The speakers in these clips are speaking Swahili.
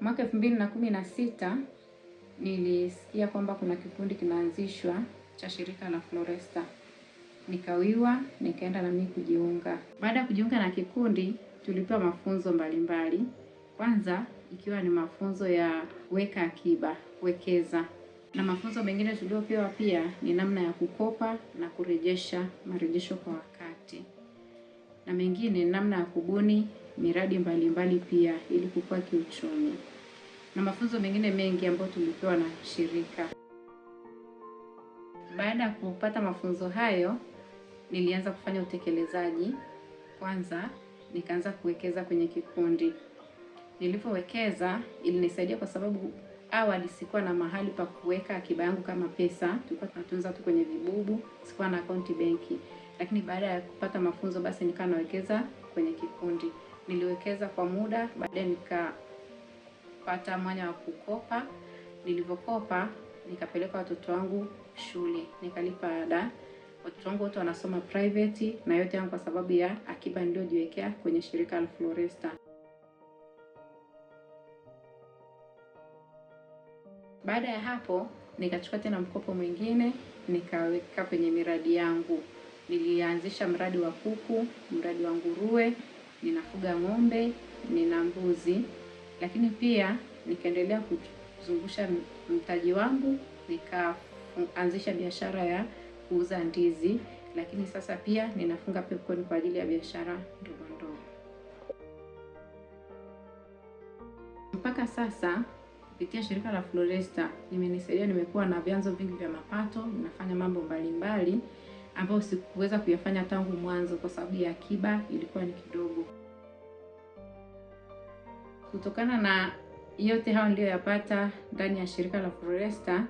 Mwaka elfu mbili na kumi na sita nilisikia kwamba kuna kikundi kinaanzishwa cha shirika la Floresta, nikawiwa nikaenda nami kujiunga. Baada ya kujiunga na kikundi, tulipewa mafunzo mbalimbali, kwanza ikiwa ni mafunzo ya weka akiba, wekeza na mafunzo mengine tuliopewa pia ni namna ya kukopa na kurejesha marejesho kwa wakati, na mengine namna ya kubuni miradi mbalimbali mbali pia ili kukua kiuchumi na mafunzo mengine mengi ambayo tulipewa na shirika. Baada ya kupata mafunzo hayo, nilianza kufanya utekelezaji. Kwanza nikaanza kuwekeza kwenye kikundi. Nilipowekeza ilinisaidia kwa sababu awali sikuwa na mahali pa kuweka akiba yangu kama pesa, tulikuwa tunatunza tu kwenye vibubu, sikuwa na akaunti benki. Lakini baada ya kupata mafunzo, basi nikawa nawekeza kwenye kikundi niliwekeza kwa muda, baadaye nikapata mwanya wa kukopa. Nilivyokopa nikapeleka watoto wangu shule, nikalipa ada. Watoto wangu wote wanasoma private, na yote yangu kwa sababu ya akiba niliyojiwekea kwenye shirika la Floresta. Baada ya hapo nikachukua tena mkopo mwingine nikaweka kwenye miradi yangu. Nilianzisha mradi wa kuku, mradi wa nguruwe ninafuga ng'ombe, nina mbuzi, lakini pia nikaendelea kuzungusha mtaji wangu, nikaanzisha biashara ya kuuza ndizi, lakini sasa pia ninafunga pekoni kwa ajili ya biashara ndogo ndogo. Mpaka sasa kupitia shirika la Floresta limenisaidia, nimekuwa na vyanzo vingi vya mapato, ninafanya mambo mbalimbali mbali ambayo sikuweza kuyafanya tangu mwanzo kwa sababu ya akiba ilikuwa ni kidogo. Kutokana na yote hayo niliyoyapata ndani ya shirika la Floresta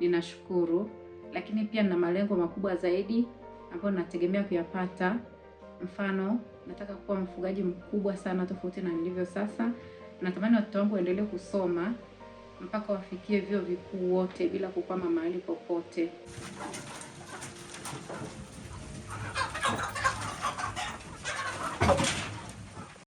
ninashukuru, lakini pia nina malengo makubwa zaidi ambayo nategemea kuyapata. Mfano, nataka kuwa mfugaji mkubwa sana tofauti na nilivyo sasa. Natamani watoto wangu waendelee kusoma mpaka wafikie vyuo vikuu wote bila kukwama mahali popote. Thank you.